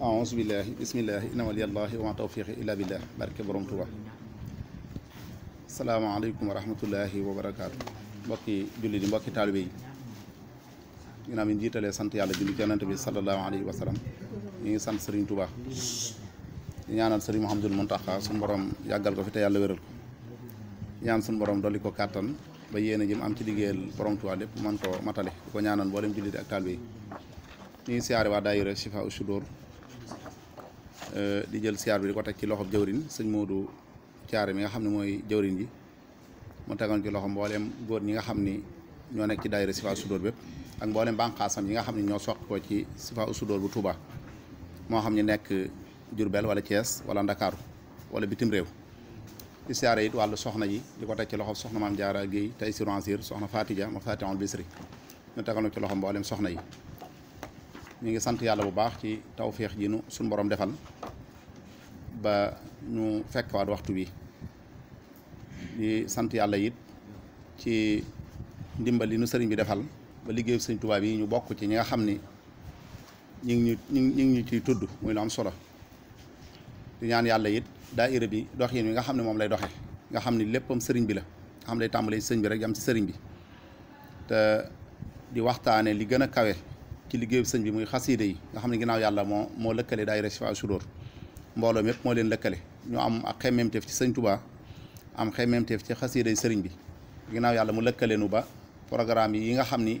aouzu billahi bismillahi inna waliya llahi wa ma tawfiqi illa billah barke borom tuba salaamaaleykum wa rahmatullahi wa barakaatu mbokki julli di mbokki taalibe yi ginnaaw bi ñu jiitalee sant yàlla julli ci yonent bi sallallahu alayhi wa sallam ñu ngi sant Serigne Touba di ñaanal Serigne Mouhamadul Mountakha suñu borom yàggal ko fi te yàlla wéral ko ñaan suñu borom dolli ko kàttan ba yéen a jëm am ci liggéeyal borom Touba lépp mën ko matale di ko ñaanal mboolem julli di ak taalibe yi ñu ngi siyaare waa daayira Chifa Usudur Euh, di jël siar bi di ko teg ci loxom jawrin sëñ modou Caare mi nga xamni moy jawrin ji mo tagal ci loxom mbooleem goor ñi nga xamni ño nek ci daayira sifa usudor bépp ak mbooleem bànqaasam yi nga xamni ño sokk ko ci sifa usudor bu Touba mo xamni nek Jurbel wala Thiès wala dakar, wala bitim rew ci siyaare it walu soxna ji di ko teg ci loxom soxna mam Jaara geey tay si rancir soxna Fatija mo Fatihul Bisri ñu tagal ci loxom mbooleem soxna yi ñu ngi sant yalla bu baax ci tawfiix ji nu suñu borom defal ba ñu fekkwaat waxtu bi di sant yàlla yit ci ndimbali nu sëriñ bi defal ba liggéeyu sëñ Tuubaa yi ñu bokk ci ñi nga xam ni ñu ngi ñu ñu ngi ñu ciy tudd muy lu am solo di ñaan yàlla daa daayira bi doxin bi nga xam ne moom lay doxe nga xam ni léppam sëriñ bi la nga xam ne day tàmbalee bi rek jam ci sëriñ bi te di waxtaane li gën a kawe ci liggéeyu sëñ bi muy xasiide yi nga xam ne ginnaaw yàlla moo moo lëkkale daayira Chifaa Suróor mbooloo mépp moo leen lëkkale ñu am ak xemmemteef ci sëñ Touba am xemmemteef ci xasiiday sëriñ bi ginnaaw yàlla mu lëkkale nu ba programme yi nga xam ni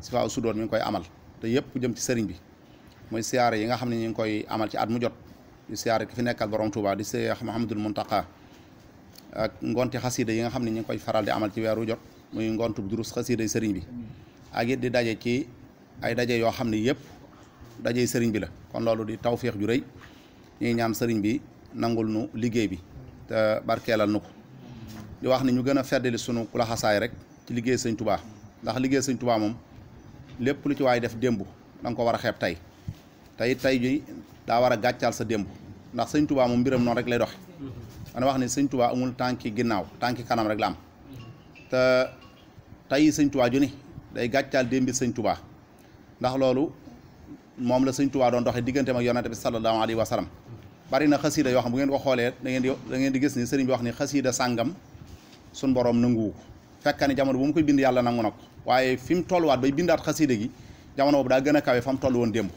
Sifaa Sudoor ñu ngi koy amal te yëpp jëm ci sëriñ bi mooy siyaare yi nga xam ne ñu ngi koy amal ci at mu jot di siyaare ki fi nekkal borom Touba di Seex Muhammadul Muntaqa ak ngonti xasiida yi nga xam ne ñu ngi koy faral di amal ci weeru jot muy ngontu durus xasiiday sëriñ bi ak it di daje ci ay daje yoo xam ne yëpp daje sëriñ bi la kon loolu di taw tawféex ju rëy ñuy ñaan sëriñ bi nangul nu liggéey bi te barkeelal nu ko di wax ni ñu gën a feddali sunu laxasaay rek ci liggéey sëñ tubaa ndax liggéey sëñ tubaa moom lépp lu ci waay def démb da nga ko war a xeeb tey tey tey ji daa war a gàccaal sa démb ndax sëñ tubaa moom mbiram noonu rek lay doxe dana wax ni sëñ tubaa amul tànki ginnaaw tànki kanam rek la am te tey sëñ tubaa ju ni day gàccaal démbi sëñ tubaa ndax loolu moom la sëñ Tuubaa doon doxee digganteem ak yonante bi sallallahu alayhi wa sallam na xasiida yoo xam bu ngeen ko xoolee da ngeen di da ngeen di gis ni sëriñ bi xasiida sàngam suñ boroom nanguwu ko fekk ni jamono bu mu koy bind yàlla nangu na ko waaye fi mu tolluwaat bay bindaat xasiida gi jamono boobu daa gën a kawe fa mu toll woon démb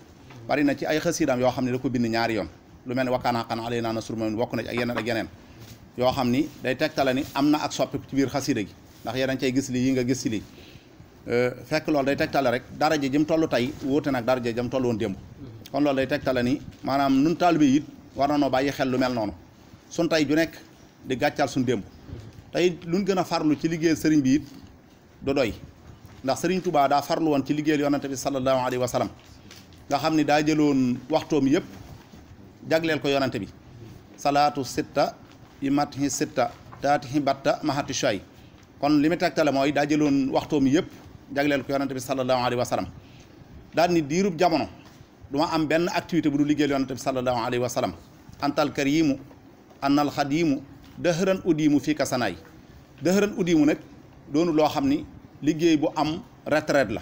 bari na ci ay xasiidaam yoo xam ne da ko bind ñaari yoon lu mel ni wakkaan xaqan alay naa na surmamin bokk na ci xam ni day tegtale ni am na ak soppi ci biir xasiida gi ndax yéen a ngi cay gis lii yi nga gis si lii Euh, fekk loolu day tegtale rek dara ji jëm toll tey wuute nag dara ji jëm toll woon démb kon loolu day tegtale ni maanaam nun taalibe it war noo bàyyi xel lu mel noonu sun tay ju nekk di gàccal suñ démb tey luñ gën a farlu ci liggéey sëriñ bi it du doy ndax sëriñ Touba daa farlu woon ci liggéeyal yonante bi sallallahu alayhi wa sallam nga xam ni daa jëloon waxtoom yëpp jagleel ko yonante bi salaatu sitta yi matxi sitta taatihi batta mahati shay kon li mu tegtale mooy daa jëloon waxtoom yëpp jagleel ko yonante bi sallallahu alayhi wa sallam daal ni diirub jamono du am benn activité bu du liggéeyal yonante bi sallallahu alayhi wa sallam antal karimu annal xadimu dëhëran mu fii ka sanaay dëhëran mu nag doonu loo xam ni liggéey bu am retraite la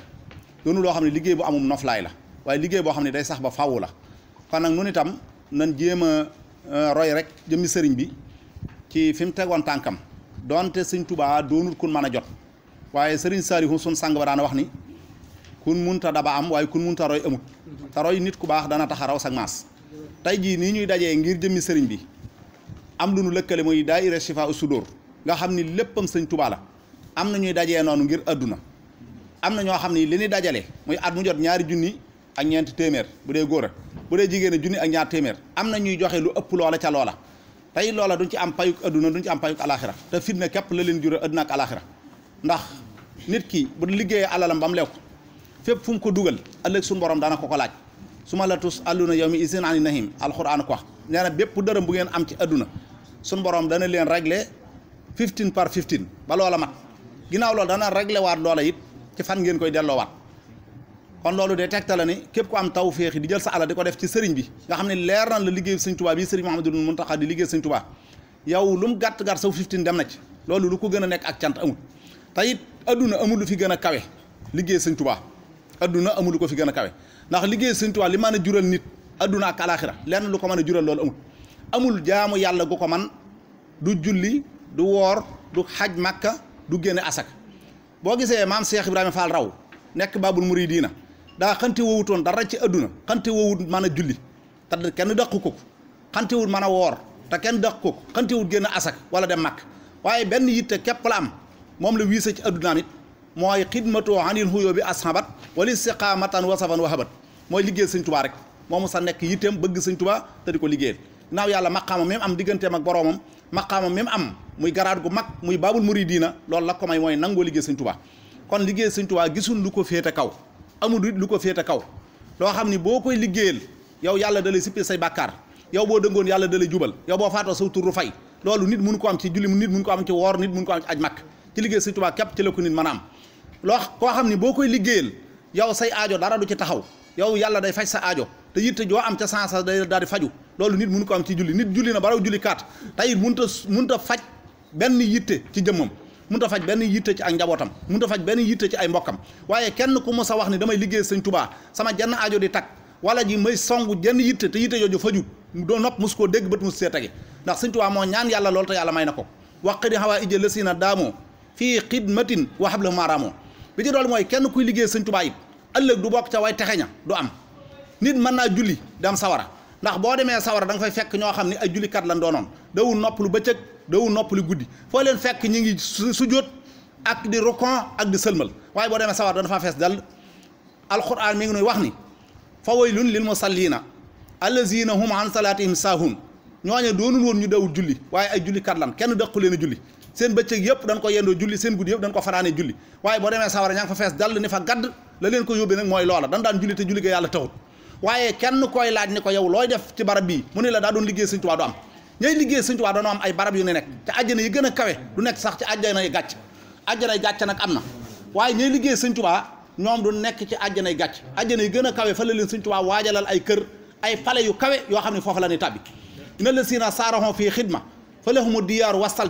doonu loo xam ne liggéey bu amum noflaay la waaye liggéey boo xam ne day sax ba faww la kon nag nun itam nan jéem a euh, roy rek jëmmi sëriñ bi ci fi mu tegoon tànkam donte sëñ tubaa doonul kun mën a jot waaye sëriñ Saalihu sun sang ba daan wax ni kun munta daba am waaye kun munta roy amut te roy nit ku baax dana tax a raw sag maas tey jii nii ñuy dajee ngir jëmmi sëriñ bi am lu nu lëkkale mooy daayira Shifaa dóor nga xam ni léppam sëñ tubaala am na ñuy dajee noonu ngir àdduna am na ñoo xam ni li ñuy dajale muy at mu jot ñaari junni ak ñeenti téeméer bu dee góor a bu dee jigéen a junni ak ñaar téeméer am na ñuy joxe lu ëpp loola ca loola tey loola duñ ci am payuk adduna duñ am payuk alaxira te fitna képp la leen jure adduna ak ndax nit ki bu liggéeyee alalam ba mu lew fépp fu mu ko dugal ëllëg suñu borom daana ko ko laaj su ma la tus àlluna yow mi isin ani nahim alxuraan ko wax nee bépp dërëm bu ngeen am ci adduna suñu borom dana leen régler fifteen par fifteen ba loola mat ginnaaw loolu dana régler waat loola fan ngeen delloowaat kon de tegtale ni képp ku am taw féexi di jël sa alal di ko def ci sëriñ bi nga xam ne leer na la liggéey sëñ tubaa bi sëriñ Mouhamadou Mountakha di liggéey sëñ tubaa yow lu mu gàtt gàtt saw fifteen dem na ci loolu lu ko gën a nekk ak cant tey it adduna amul lu fi gën a kawe liggéey sëñ tubaa adduna amul ko fi gën a kawe ndax liggéey sëñ li mën a jural nit adduna ak alaxira lenn lu ko mën a jural loolu amul amul jaamu yàlla gu ko man du julli du woor du xaj màkka du génne asak boo gisee maam Cheikh Ibrahima Fall raw nekk baabul muridiina daa xante wowutoon dara ci adduna xante woowut mën a julli te kenn dàqu ko xante wut man a woor te kenn dàqu ko xante wut génn asak wala dem màkk waaye benn yitte képp moom la wiise ci addunaam it mooy xidmatu anil xuyoo bi ashabat wala istiqaamatan wasafan wahabat mooy liggéey sëñ tubaa rek moomu sa nekk yitteem bëgg sëñ tubaa te di ko liggéeyal naaw yàlla maqaama même am digganteem ak boroomam maqaama même am muy garaat gu mag muy baabul muridiina loolu la ko may mooy nangoo liggéey sëñ tubaa kon liggéey sëñ tubaa gisul lu ko féete kaw amul it lu ko féete kaw loo xam ni boo koy liggéeyal yow yàlla dalay sippi say bàkkaar yow boo dëngoon yàlla dalay jubal yow boo faatoo saw turu fay loolu nit mun ko am ci am woor nit mun ko am ci liggéey Sëñ Tuubaa képp ci la ko nit mën a loo koo xam ni boo koy liggéeyal yow say aajo dara du ci taxaw yow yàlla day faj sa aajo te yitte joo am ca sansa day daal di faju loolu nit mënu ko am ci julli nit julli na baraw julli kaat tey mun ta mënut a faj benn yitte ci jëmmam mënut ta faj benn yitte ci ak njabootam mun a faj benn yitte ci ay mbokkam waaye kenn ku mos a wax ni damay liggéey sañ tubaa sama jenn aajo di tag wala ji may songu jenn yitte te yitte jooju faju doo nopp mos koo dégg bët mos see tege ndax Sëñ Tuubaa moo ñaan yàlla loolu te yàlla may na ko waq daamoo fii xidmatin wa xablahu maaraamoo bi ci dool mooy kenn kuy liggéey sëñ Tuubaa it ëllëg du bokk ca way texeña du am nit mën naa julli dem sawara ndax boo demee sawara da nga fay fekk ñoo xam ne ay jullikat lan doonoon dawul nopp lu bëccëg dawul nopp lu guddi foo leen fekk ñi ngi sujjóot ak di rukon ak di sëlmal waaye boo demee sawar dana faa fees dal alquran mi ngi nuy wax ni fa waylun lil musallina allazina hum an salatihim saahun ñooñe doonul woon ñu dawul julli waaye ay jullikat lan kenn dëqu leen a julli seen bëccëg yëpp dañ ko yendoo julli seen guddi yëpp dañ ko fanaanee julli waaye boo demee sawara ña fa fees dall ni fa gadd la leen ko yóbbee nag mooy loola dan daan julli te julli ga yàlla tawut waaye kenn koy laaj ni ko yow looy def ci barab bii mu ne la daa doon liggéey sëñ Tuubaa du am ñay liggéey sëñ Tuubaa dañoo am ay barab yu ne nekk a ci àjjana yi gàcc àjjana yi gàcc nag am na waaye ñay liggéey sëñ Tuubaa ñoom du nekk ci àjjana yi gàcc àjjana yi gën a kawe fa la leen sëñ Tuubaa waajalal yoo xam ne foofu la ne tàbbi na la siina saarahon fii xidma fa lahumu diyaaru wasal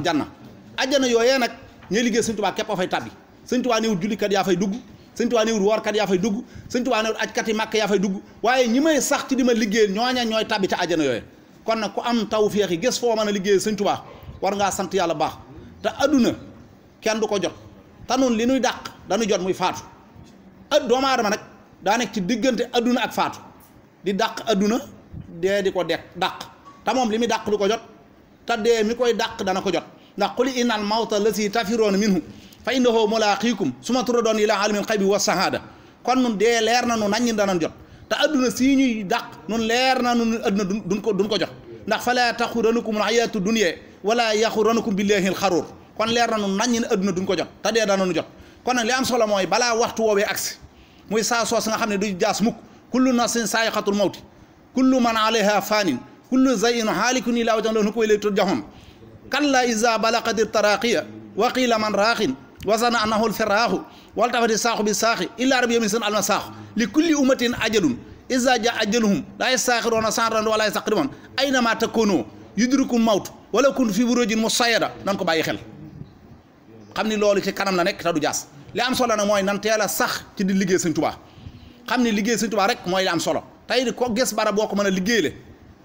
ajjana yooyee nag ñooy liggéey sëñ tubaa képp a fay tabbi sëñ tubaa néewut jullikat yaa fay dugg sëñ tubaa néewut woorkat yaa dugg sëñ tubaa néewut ajkati màkk yaa fay dugg waaye ñi may sax ci di ma liggéeyal ñooña ñooy tabbi ca ajjana yooyee kon nag ku am taw féex yi gis foo mën a liggéeyal sëñ tubaa war ngaa sant yàlla baax te adduna kenn du ko jot te noonu li nuy dàq danu jot muy faatu at doomu aadama nag daa nekk ci diggante adduna ak faatu di dàq adduna dee di ko de dàq te moom li muy dàq ko jot te dee koy dàq dana ko jot نقول إن الموت الذي تفرون منه فإنه ملاقيكم ثم تردون إلى عالم القيب والسهادة كون نون دي ليرنا نون نانين دانان جوت تا ادنا سيني داق نون ليرنا نون ادنا دون كو دون كو جوت ناخ فلا تخرنكم الحياه الدنيا ولا يخرنكم بالله الخرور كون ليرنا نون نانين ادنا دون كو جوت تا دي دانان جوت كون لي ام سولا موي بلا وقت ووي اكس موي سا سوس nga xamne du jass muk كل ناس سايقه الموت كل من عليها فان كل زين حالك الى وجه نكو الى تجهون كلا إذا بلغت التراقية وقيل من راق وزن أنه الفراخ والتفت الساق بالساق إلا ربي يمسن المساق لكل أمة أجل إذا جاء أجلهم لا يستأخرون ساعة ولا يستقدمون أينما تكونوا يدركم الموت wala kun fi buróojin mu sayada nan ko bàyyi xel xam ni loolu ci kanam la nekk te du jaas li am solo nag mooy nan teel a sax ci di liggéey sëñ tubaa xam ni liggéey sëñ tubaa rek mooy li am solo tey ko gis bara boo ko mën a liggéey le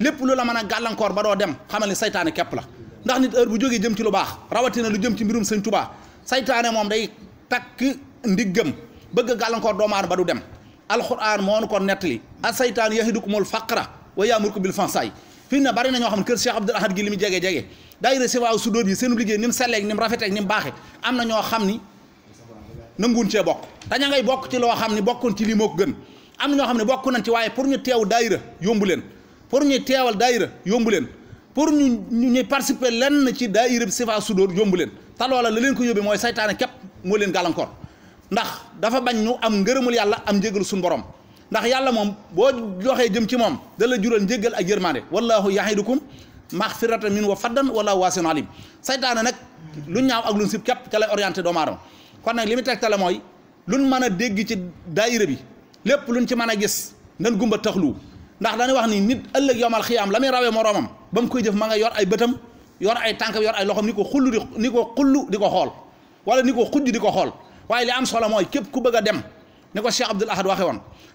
lépp lu la mën a gàllankoor ba doo dem xamal ni saytaane képp la ndax nit heure bu jógee jëm ci lu baax rawatina lu jëm ci mbirum sëñ Tuubaa saytaane moom day takk ndiggam bëgg a gàllankoor doomu aadama ba du dem alxuraan moo nu ko nettali a saytaan yahidukumul faqra wa yaamurukum bil fahsaa'i fi ne bari na ñoo xam ne kër Cheikh Abdoul Ahad gi li mu jege jege daay recevoir su dóor yi seen liggéey ni mu selleeg ni mu rafeteeg ni mu am na ñoo xam ni nanguwuñ cee bokk daña ngay bokk ci loo xam ne bokkoon ci lii moo ko gën am na ñoo xam ne bokk nañ ci waaye pour ñu teew daayira yombu leen pour ñu teewal daayira yombu leen pour ñu ñu ñuy participer lenn ci daayira Chifa Soudour yomb leen te loola la leen ko yóbbee mooy saytaane képp moo leen gàllankoor ndax dafa bañ ñu am ngërëmul yàlla am njëgal suñu borom ndax yàlla moom boo joxee jëm ci moom da la jural njëgal ak yërmande wallahu yahidukum maxfiratan min wa faddan wallahu waasiun alim saytaane nag lu ñaaw ak lu sib képp ca lay orienté doomu kon nag li mu tegtale mooy luñ mën a dégg ci daayira bi lépp luñ ci mën a gis nan gumba taxlu ndax dañ wax ni nit ëlëk yomal xiyam lamay rawé moromam bam koy def ma nga yor ay bëtam yor ay tànkam yor ay loxoom niko xullu niko xullu diko xol wala niko xujju diko xol waye li am solo moy kep ku bëgga dem niko Cheikh Abdoul Ahad waxe won